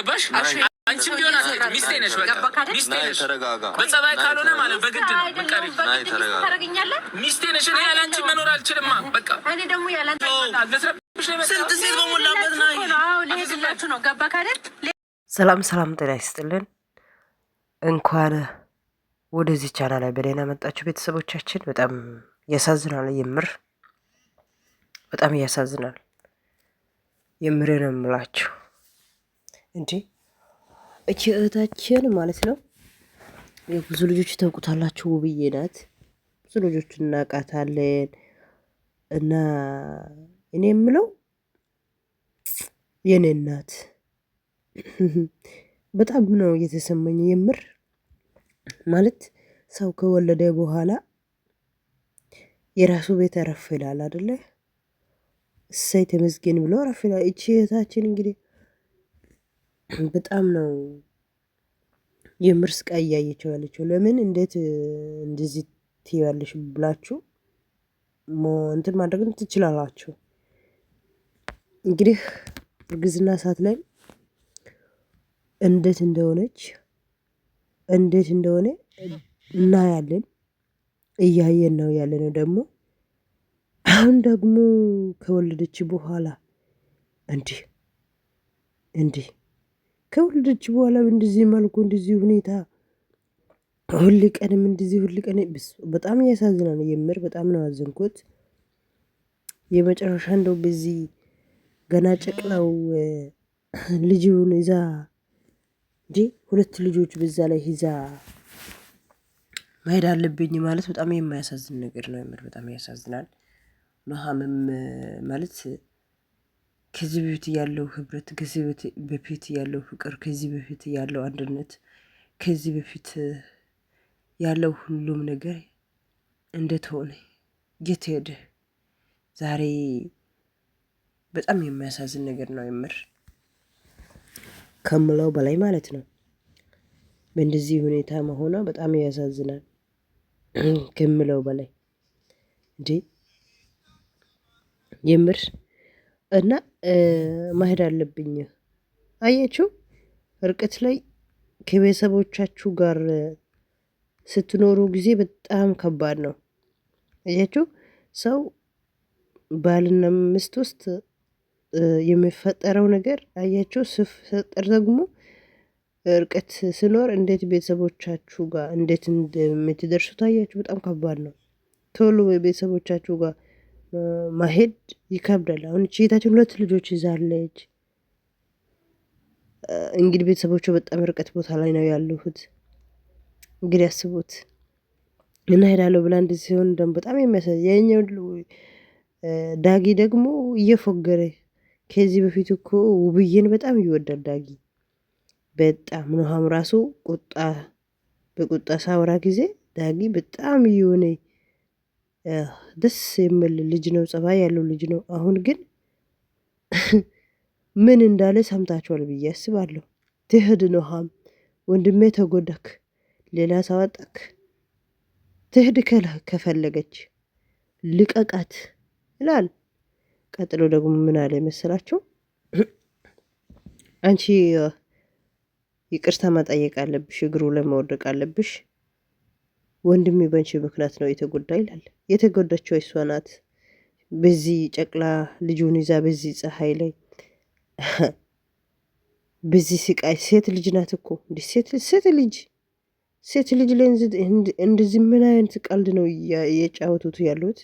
ገባሽ? አንቺም ቢሆን አስገድ ሚስቴ ነሽ። በቃ ሚስቴ ነሽ። በጸባይ ካልሆነ ማለት በግድ ነው። በቃ ሚስቴ ነሽ። እኔ ያለ አንቺ መኖር አልችልም። በቃ እኔ ደግሞ ያለ ስንት ሴት በሞላበት ነው። ልሄድላችሁ ነው። ገባ ካደል ሰላም ሰላም፣ ጤና ይስጥልን። እንኳን ወደዚህ ቻና ላይ በደህና መጣችሁ ቤተሰቦቻችን። በጣም ያሳዝናል። የምር በጣም ያሳዝናል። የምሬ ነው የምላችሁ እንጂ እቺ እህታችን ማለት ነው። ብዙ ልጆች ታውቁታላችሁ፣ ውብዬ ናት። ብዙ ልጆች እናውቃታለን። እና እኔ የምለው የኔ እናት በጣም ነው የተሰማኝ የምር ማለት ሰው ከወለደ በኋላ የራሱ ቤት አረፍ ይላል አደለ? እሰይ ተመስገን ብሎ አረፍ ይላል። እቺ እህታችን እንግዲህ በጣም ነው የምር ስቃይ እያየችው ያለችው። ለምን እንዴት እንደዚህ ትያለሽ ብላችሁ እንትን ማድረግም ትችላላችሁ። እንግዲህ እርግዝና ሰዓት ላይ እንዴት እንደሆነች እንዴት እንደሆነ እናያለን፣ እያየን ነው ያለ ነው። ደግሞ አሁን ደግሞ ከወለደች በኋላ እንዲህ እንዲህ ከወለደች በኋላ እንደዚህ መልኩ እንደዚህ ሁኔታ ሁል ቀንም እንደዚህ ሁል ቀን በጣም ያሳዝናል። የምር በጣም ነው አዘንኩት። የመጨረሻ እንደው በዚህ ገና ጨቅላው ልጅውን ይዛ እንጂ ሁለት ልጆች በዛ ላይ ይዛ መሄድ አለብኝ ማለት በጣም የማያሳዝን ነገር ነው። የምር በጣም ያሳዝናል። ኑሃምም ማለት ከዚህ በፊት ያለው ህብረት፣ ከዚህ በፊት ያለው ፍቅር፣ ከዚህ በፊት ያለው አንድነት፣ ከዚህ በፊት ያለው ሁሉም ነገር እንዴት ሆነ? የት ሄደ? ዛሬ በጣም የሚያሳዝን ነገር ነው የምር ከምለው በላይ ማለት ነው። በእንደዚህ ሁኔታ መሆኗ በጣም ያሳዝናል ከምለው በላይ እንዴ የምር እና ማሄድ አለብኝ። አያችሁ እርቀት ላይ ከቤተሰቦቻችሁ ጋር ስትኖሩ ጊዜ በጣም ከባድ ነው። አያችሁ ሰው ባልና ሚስት ውስጥ የሚፈጠረው ነገር አያችሁ ሲፈጠር ደግሞ እርቀት ስኖር እንዴት ቤተሰቦቻችሁ ጋር እንዴት እንደምትደርሱት አያችሁ በጣም ከባድ ነው። ቶሎ ቤተሰቦቻችሁ ጋር ማሄድ ይከብዳል። አሁን እቺ እህታችን ሁለት ልጆች ይዛለች። እንግዲህ ቤተሰቦቹ በጣም ርቀት ቦታ ላይ ነው ያለሁት። እንግዲህ አስቡት እና ሄዳለሁ ብላ እንደዚህ ሲሆን ደግሞ በጣም የሚያሳዝን የኛው ዳጊ ደግሞ እየፎገረ ከዚህ በፊት እኮ ውብዬን በጣም ይወዳል ዳጊ በጣም ኖሃም ራሱ ቁጣ በቁጣ ሳወራ ጊዜ ዳጊ በጣም እየሆነ ደስ የሚል ልጅ ነው፣ ፀባይ ያለው ልጅ ነው። አሁን ግን ምን እንዳለ ሰምታችኋል ብዬ አስባለሁ። ትሄድ ኖሃም ወንድሜ ተጎዳክ፣ ሌላ ሳወጣክ ትሄድ ከፈለገች ልቀቃት ይላል። ቀጥሎ ደግሞ ምን አለ መሰላቸው? አንቺ ይቅርታ መጠየቅ አለብሽ፣ እግሩ ለመወደቅ አለብሽ ወንድሜ በአንቺ ምክንያት ነው የተጎዳ ይላል። የተጎዳችው እሷ ናት። በዚህ ጨቅላ ልጁን ይዛ በዚህ ፀሐይ ላይ በዚህ ስቃይ ሴት ልጅ ናት እኮ ሴት ልጅ ሴት ልጅ ላይ እንደዚህ ምን አይነት ቀልድ ነው እየጫወቱት ያሉት?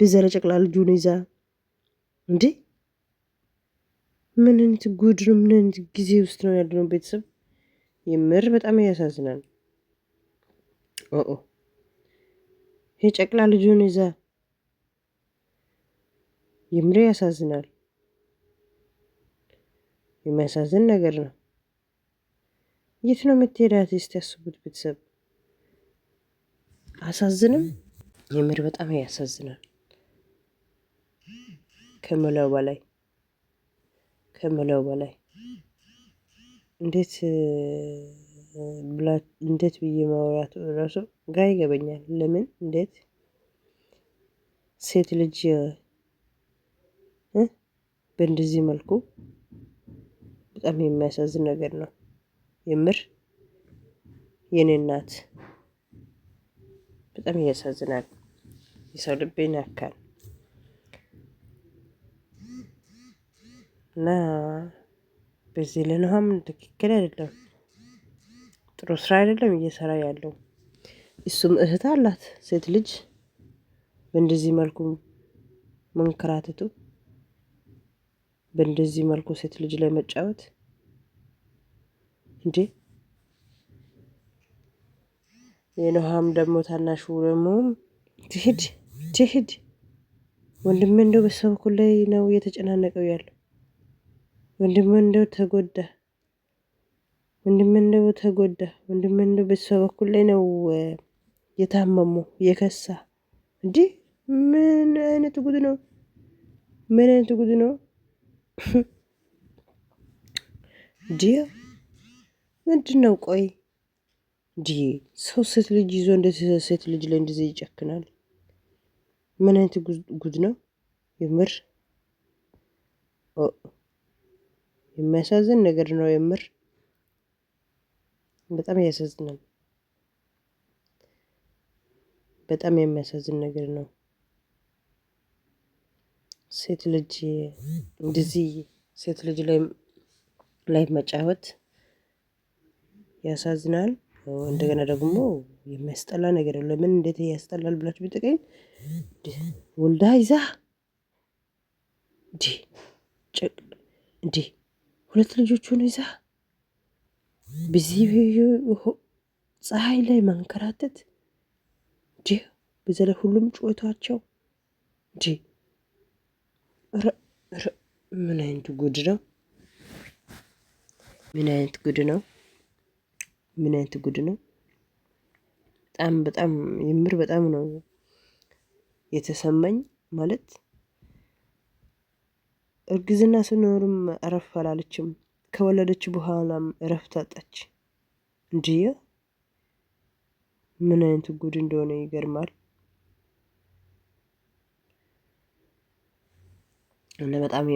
በዛ ላይ ጨቅላ ልጁን ይዛ እንዴ! ምን አይነት ጉድ ነው? ምን አይነት ጊዜ ውስጥ ነው ያለነው? ቤተሰብ የምር በጣም ያሳዝናል። ይሄ ጨቅላ ልጁን ይዛ የምሬ ያሳዝናል። የሚያሳዝን ነገር ነው። የት ነው የምትሄዳት? እስቲ ያስቡት ቤተሰብ። አሳዝንም የምር በጣም ያሳዝናል። ከምለው በላይ ከምለው በላይ እንዴት እንዴት ብዬ ማውራቱ ራሱ ግራ ይገበኛል። ለምን እንዴት ሴት ልጅ በእንደዚህ መልኩ በጣም የሚያሳዝን ነገር ነው። የምር የኔ እናት በጣም ያሳዝናል። የሰው ልቤን ያካል እና በዚህ ለነሃም ትክክል አይደለም። ጥሩ ስራ አይደለም እየሰራ ያለው። እሱም እህት አላት። ሴት ልጅ በእንደዚህ መልኩ መንከራተቱ፣ በእንደዚህ መልኩ ሴት ልጅ ላይ መጫወት እንዴ! የኖሃም ደግሞ ታናሹ ደግሞ ትሂድ ትሂድ ወንድሜ እንደው በሰው እኩል ላይ ነው እየተጨናነቀው ያለው። ወንድሜ እንደው ተጎዳ። ወንድሜ እንደው ተጎዳ ወንድሜ እንደው በሷ በኩል ላይ ነው የታመሙ የከሳ እንዲህ ምን አይነት ጉድ ነው? ምን አይነት ጉድ ነው? ዲያ ምንድን ነው? ቆይ ዲ ሰው ሴት ልጅ ይዞ እንደዚህ ሴት ልጅ ላይ እንደዚህ ይጨክናል? ምን አይነት ጉድ ነው? የምር የሚያሳዝን ነገር ነው የምር በጣም ያሳዝናል። በጣም የሚያሳዝን ነገር ነው። ሴት ልጅ እንደዚህ ሴት ልጅ ላይ መጫወት ያሳዝናል። እንደገና ደግሞ የሚያስጠላ ነገር ነው። ለምን እንዴት ያስጠላል ብላችሁ ቢጠቀኝ ወልዳ ይዛ እንዲህ ሁለት ልጆቹን ይዛ በዚህ ፀሐይ ላይ መንከራተት እንጂ ብዘለ ላይ ሁሉም ጩኸታቸው እንጂ ምን አይነት ጉድ ነው? ምን አይነት ጉድ ነው? ምን አይነት ጉድ ነው? በጣም በጣም የምር በጣም ነው የተሰማኝ ማለት እርግዝና ስኖርም አረፍ አላለችም። ከወለደች በኋላም እረፍት አጣች። እንዲህ ምን አይነት ጉድ እንደሆነ ይገርማል። እና በጣም